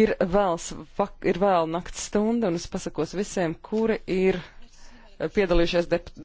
Ir vēls, vak, ir vēl nakts stunda, un es pasakos visiem, kuri ir eh, piedalījušies deputāti.